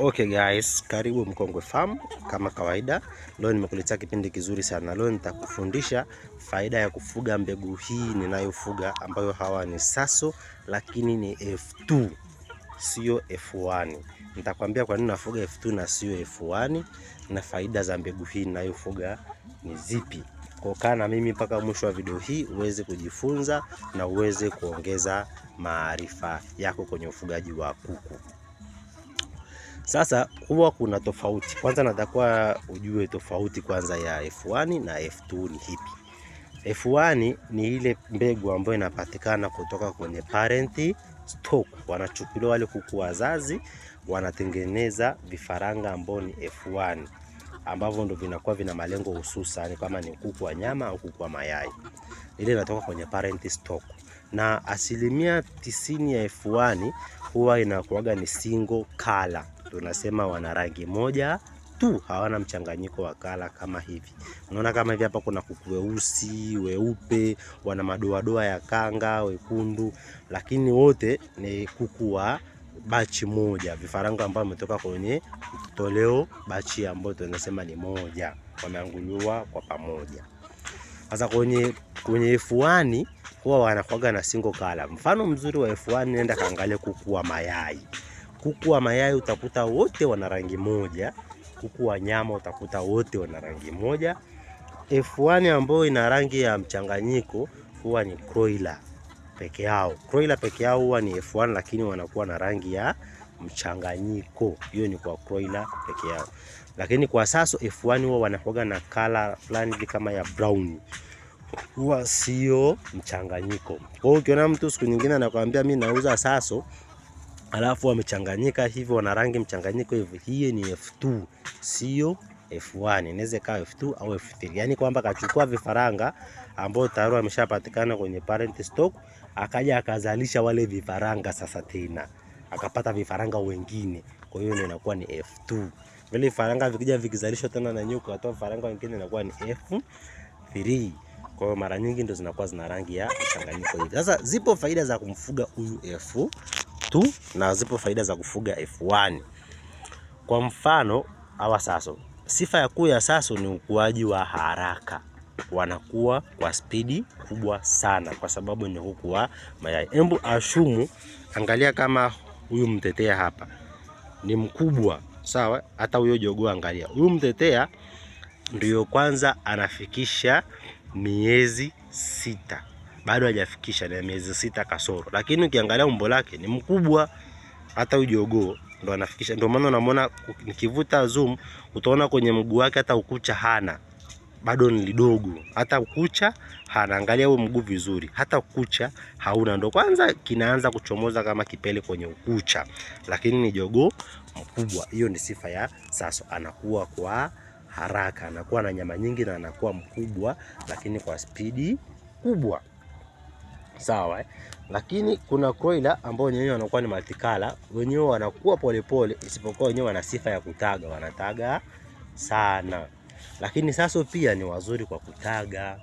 Okay guys, karibu Mkongwe Farm. Kama kawaida, leo nimekuletea kipindi kizuri sana. Leo nitakufundisha faida ya kufuga mbegu hii ninayofuga ambayo hawa ni Saso, lakini ni F2 sio F1. Nitakwambia kwa nini nafuga F2 na sio F1 na faida za mbegu hii ninayofuga ni zipi. Kwa kaa na mimi mpaka mwisho wa video hii uweze kujifunza na uweze kuongeza maarifa yako kwenye ufugaji wa kuku. Sasa huwa kuna tofauti. Kwanza natakuwa ujue tofauti kwanza ya F1 na F2 ni hipi. F1 ni ile mbegu ambayo inapatikana kutoka kwenye parent stock, wanachukuliwa wale kuku wazazi, wanatengeneza vifaranga ambao ni F1 ambavyo ndio vinakuwa vina malengo hususan kama ni kuku wa nyama au kuku wa mayai. Ile inatoka kwenye parent stock na asilimia tisini ya F1 huwa inakuwaga ni single color, tunasema wana rangi moja tu, hawana mchanganyiko wa kala kama hivi. Unaona kama hivi hapa kuna kuku weusi, weupe, wana madoadoa ya kanga, wekundu, lakini wote ni kuku wa bachi moja, vifaranga ambao wametoka kwenye toleo bachi ambayo tunasema ni moja, wameanguliwa kwa pamoja. Sasa kwenye kwenye F1 huwa wanakwaga na single color. Mfano mzuri wa F1, nenda kaangalie kuku wa mayai. Kuku wa mayai utakuta wote wana rangi moja, kuku wa nyama utakuta wote wana rangi moja. F1 ambayo ina rangi ya mchanganyiko huwa ni Croiler peke yao. Croiler peke yao huwa ni F1 lakini wanakuwa na rangi ya mchanganyiko. Hiyo ni kwa Croiler peke yao. Lakini kwa sasa F1 huwa wanakuwa na kala fulani kama ya brown huwa sio mchanganyiko. Kwa hiyo ukiona mtu siku nyingine anakuambia mimi nauza saso alafu wamechanganyika hivyo, wana rangi mchanganyiko hivi, hiyo ni F2 sio F1, inaweza ikawa F2 au F3. Yaani kwamba akachukua vifaranga ambao tayari wameshapatikana kwenye parent stock, akaja akazalisha wale vifaranga sasa tena akapata vifaranga wengine, kwa hiyo inakuwa ni F2. Vile vifaranga vikija vikizalishwa tena na nyuka, atoa vifaranga wengine, inakuwa ni F3. Kwa hiyo mara nyingi ndio zinakuwa zina rangi ya mchanganyiko hivi. Sasa zipo faida za kumfuga huyu F2 na zipo faida za kufuga F1. Kwa mfano hawa Saso, sifa ya kuu ya Saso ni ukuaji wa haraka, wanakuwa kwa spidi kubwa sana kwa sababu ni huku wa mayai. Embu ashumu, angalia kama huyu mtetea hapa ni mkubwa sawa. Hata huyo jogoo angalia, huyu mtetea ndiyo kwanza anafikisha miezi sita, bado hajafikisha na miezi sita kasoro, lakini ukiangalia umbo lake ni mkubwa, hata ujogoo ndo anafikisha. Ndio maana unamwona nikivuta zoom, utaona kwenye mguu wake hata ukucha hana, bado ni lidogo, hata ukucha hana. Angalia huo mguu vizuri, hata ukucha hauna, ndo kwanza kinaanza kuchomoza kama kipele kwenye ukucha, lakini ni jogoo mkubwa. Hiyo ni sifa ya Saso, anakuwa kwa haraka, anakuwa na nyama nyingi na anakuwa mkubwa, lakini kwa spidi kubwa. Sawa eh? Lakini kuna broiler ambao wenyewe wanakuwa ni matikala, wenyewe wanakuwa polepole, isipokuwa wenyewe wana sifa ya kutaga, wanataga sana. Lakini sasa pia ni wazuri kwa kutaga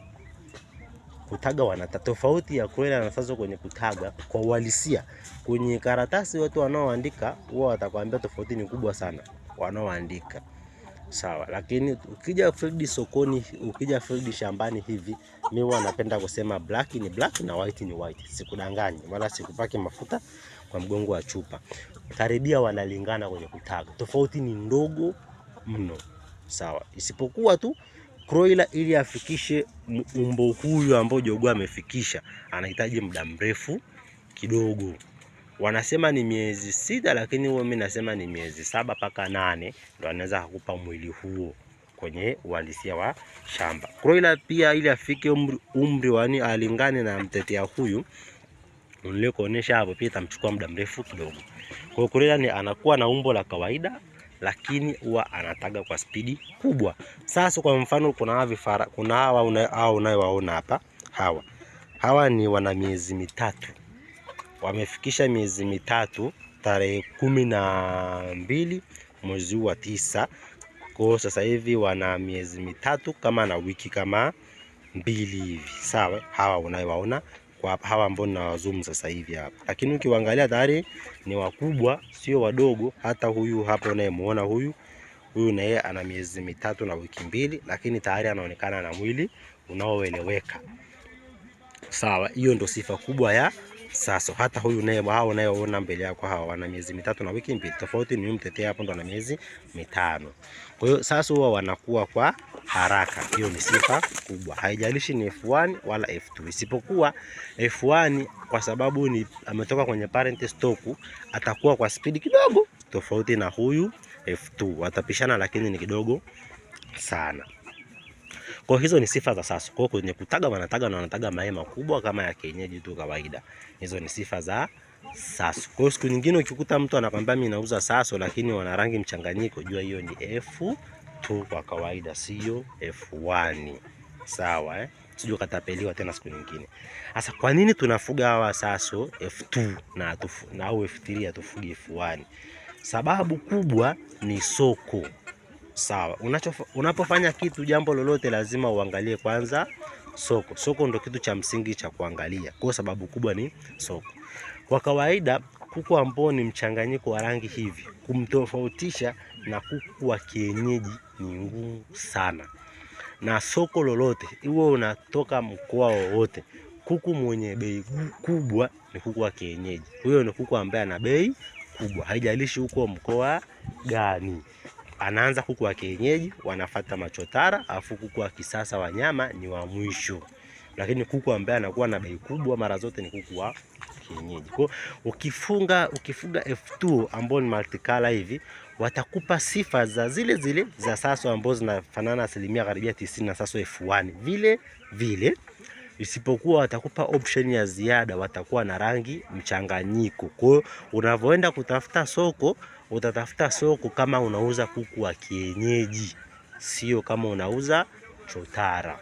kutaga wanata tofauti ya broiler na sasa kwenye kutaga kwa uhalisia. Kwenye karatasi watu wanaoandika huwa watakwambia tofauti ni kubwa sana wanaoandika sawa. Lakini ukija Fredi sokoni, ukija Fredi shambani hivi, mi huwa napenda kusema black ni black na white ni white. Sikudanganyi wala sikupake mafuta kwa mgongo wa chupa, karibia wanalingana kwenye kutaga, tofauti ni ndogo mno, sawa, isipokuwa tu Kroila ili afikishe umbo huyu ambao jogoo amefikisha anahitaji muda mrefu kidogo wanasema ni miezi sita, lakini huwa mimi nasema ni miezi saba mpaka nane ndio anaweza kukupa mwili huo kwenye uhalisia wa shamba. Broiler pia ili afike umri, umri wani alingane na mtetea huyu nilikuonyesha hapo, pia itamchukua muda mrefu kidogo. Kwa hiyo broiler ni anakuwa na umbo la kawaida lakini huwa anataga kwa spidi kubwa. Sasa kwa mfano, kuna hawa vifara, kuna hawa unayowaona hapa, hawa hawa ni wana miezi mitatu wamefikisha miezi mitatu tarehe kumi na mbili mwezi wa tisa. Kwa sasa hivi wana miezi mitatu kama na wiki kama mbili hivi, sawa. Hawa unayowaona kwa hawa ambao ninawazoom sasa hivi hapa, lakini ukiwaangalia tayari ni wakubwa, sio wadogo. Hata huyu hapo unayemuona huyu huyu naye ana miezi mitatu na wiki mbili, lakini tayari anaonekana na mwili unaoeleweka. Sawa, hiyo ndo sifa kubwa ya sasa hata huyu naye hao naye mbele yako hao wana miezi mitatu na wiki mbili. Tofauti ni mtetea hapo ndo ana miezi mitano. Kwa hiyo sasa huwa wanakuwa kwa haraka. Hiyo ni sifa kubwa. Haijalishi ni F1 wala F2. Isipokuwa F1 kwa sababu ni ametoka kwenye parent stock atakuwa kwa speed kidogo tofauti na huyu F2. Watapishana lakini ni kidogo sana. Kwa hizo ni sifa za sasa. Kwa kwenye kutaga wanataga na wanataga mayai makubwa kama ya kienyeji tu kawaida. Hizo ni sifa za sasa. Kwa siku nyingine ukikuta mtu anakwambia mimi nauza sasa lakini wana rangi mchanganyiko, jua hiyo ni F 2 kwa kawaida, sio F1. Sawa eh? Sijui katapeliwa tena siku nyingine. Sasa kwa nini tunafuga hawa sasa F2 na atufu, na au F3 atufuge F1? Sababu kubwa ni soko sawa. unapofanya kitu jambo lolote lazima uangalie kwanza soko. Soko ndo kitu cha msingi cha kuangalia, kwa sababu kubwa ni soko. Kwa kawaida kuku ambao ni mchanganyiko wa rangi hivi kumtofautisha na kuku wa kienyeji ni ngumu sana, na soko lolote iwe unatoka mkoa wowote, kuku mwenye bei kubwa ni kuku wa kienyeji. Huyo ni kuku ambaye ana bei kubwa, haijalishi uko mkoa gani anaanza kuku wa kienyeji, wanafata machotara, afu kuku wa kisasa wa nyama ni wa mwisho. Lakini kuku ambaye anakuwa na bei kubwa mara zote ni kuku wa kienyeji. Kwa ukifunga ukifuga F2 ambao ni multicolor hivi watakupa sifa za zile zile za Saso ambao zinafanana asilimia karibia 90 na Saso F1 vile vile, isipokuwa watakupa option ya ziada, watakuwa na rangi mchanganyiko. Kwa hiyo unavyoenda kutafuta soko utatafuta soko kama unauza kuku wa kienyeji, sio kama unauza chotara.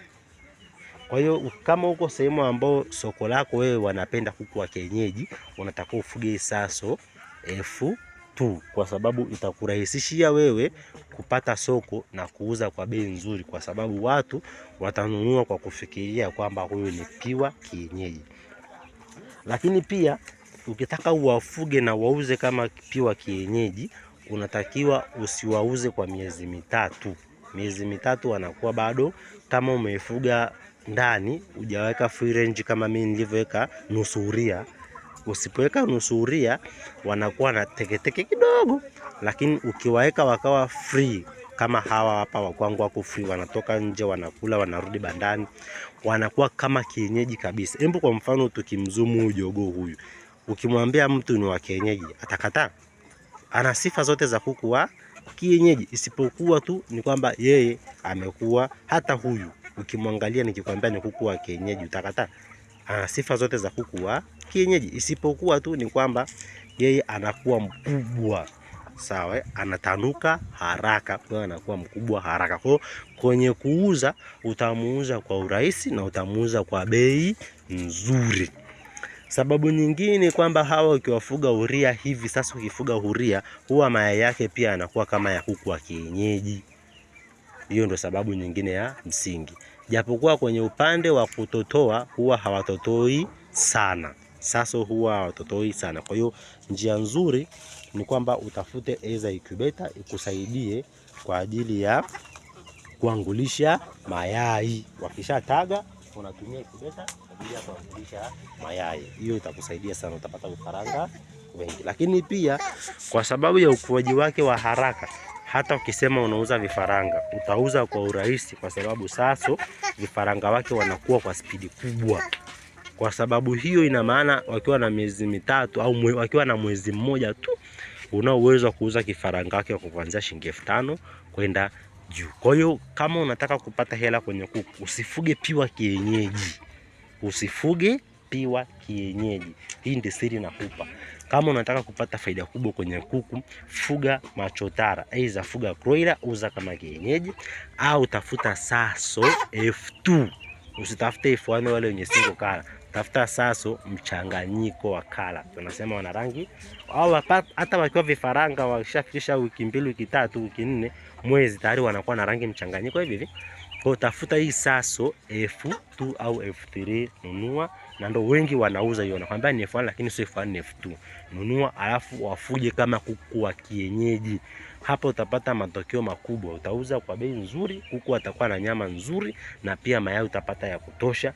Kwa hiyo kama uko sehemu ambao soko lako wewe wanapenda kuku wa kienyeji, unatakiwa ufuge Saso F2 kwa sababu itakurahisishia wewe kupata soko na kuuza kwa bei nzuri, kwa sababu watu watanunua kwa kufikiria kwamba huyu ni piwa kienyeji, lakini pia ukitaka uwafuge na wauze kama piwa kienyeji, unatakiwa usiwauze kwa miezi mitatu. Miezi mitatu wanakuwa bado kama umefuga ndani, hujaweka free range kama mimi nilivyoweka nusuria. Usipoweka nusuria, wanakuwa na teketeke kidogo, lakini ukiwaweka wakawa free kama hawa hapa wa kwangu wako free, wanatoka nje, wanakula, wanarudi bandani, wanakuwa kama kienyeji kabisa. Hebu kwa mfano tukimzumu huyu jogoo huyu Ukimwambia mtu ni wa kienyeji atakataa. Ana sifa zote za kuku wa kienyeji, isipokuwa tu ni kwamba yeye amekuwa. Hata huyu ukimwangalia, nikikwambia ni kuku wa kienyeji, utakataa. Ana sifa zote za kuku wa kienyeji, isipokuwa tu ni kwamba yeye anakuwa mkubwa Sawa, anatanuka haraka, kwa anakuwa mkubwa haraka. Kwa kwenye kuuza, utamuuza kwa urahisi na utamuuza kwa bei nzuri. Sababu nyingine kwamba hawa ukiwafuga huria hivi sasa, ukifuga huria huwa mayai yake pia yanakuwa kama ya kuku wa kienyeji. Hiyo ndo sababu nyingine ya msingi, japokuwa kwenye upande wa kutotoa huwa hawatotoi sana. Sasa huwa hawatotoi sana, kwa hiyo njia nzuri ni kwamba utafute eza ikubeta ikusaidie kwa ajili ya kuangulisha mayai wakishataga unatumia elfu kwa ajili ya kuagulisha mayai. Hiyo itakusaidia sana, utapata vifaranga wengi. Lakini pia kwa sababu ya ukuaji wake wa haraka, hata ukisema unauza vifaranga utauza kwa urahisi, kwa sababu sasa vifaranga wake wanakuwa kwa spidi kubwa. Kwa sababu hiyo, ina maana wakiwa na miezi mitatu au mwe, wakiwa na mwezi mmoja tu una uwezo wa kuuza kifaranga wake kwa kuanzia shilingi elfu tano kwenda juu. Kwa hiyo kama unataka kupata hela kwenye kuku, usifuge piwa kienyeji, usifuge piwa kienyeji. Hii ndio siri nakupa. Kama unataka kupata faida kubwa kwenye kuku, fuga machotara, aidha fuga kroila, uza kama kienyeji, au tafuta saso F2 usitafute F1 wale wenye single color tafuta saso mchanganyiko wa kala, tunasema wana rangi au hata wakiwa vifaranga, wakishafikisha wiki mbili, wiki tatu, wiki nne, mwezi tayari wanakuwa na rangi mchanganyiko hivi hivi. Kwa tafuta hii saso F2 au F3 nunua, na ndo wengi wanauza hiyo. Nakwambia ni F1 lakini sio F1, ni F2. Nunua alafu wafuge kama kuku wa kienyeji. Hapo utapata matokeo makubwa, utauza kwa bei nzuri, kuku atakuwa na nyama nzuri na pia mayai utapata ya kutosha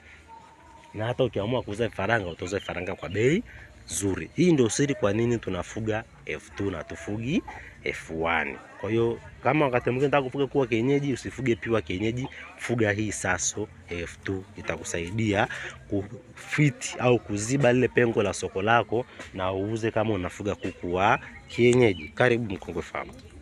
na hata ukiamua kuuza vifaranga utauza vifaranga kwa bei nzuri. Hii ndio siri kwa nini tunafuga F2 na tufugi F1. Kwa hiyo kama wakati mwingine unataka kufuga kuwa kienyeji, usifuge piwa kienyeji, fuga hii Saso F2, itakusaidia kufiti au kuziba lile pengo la soko lako na uuze kama unafuga kuku wa kienyeji. Karibu Mkongwe Farm.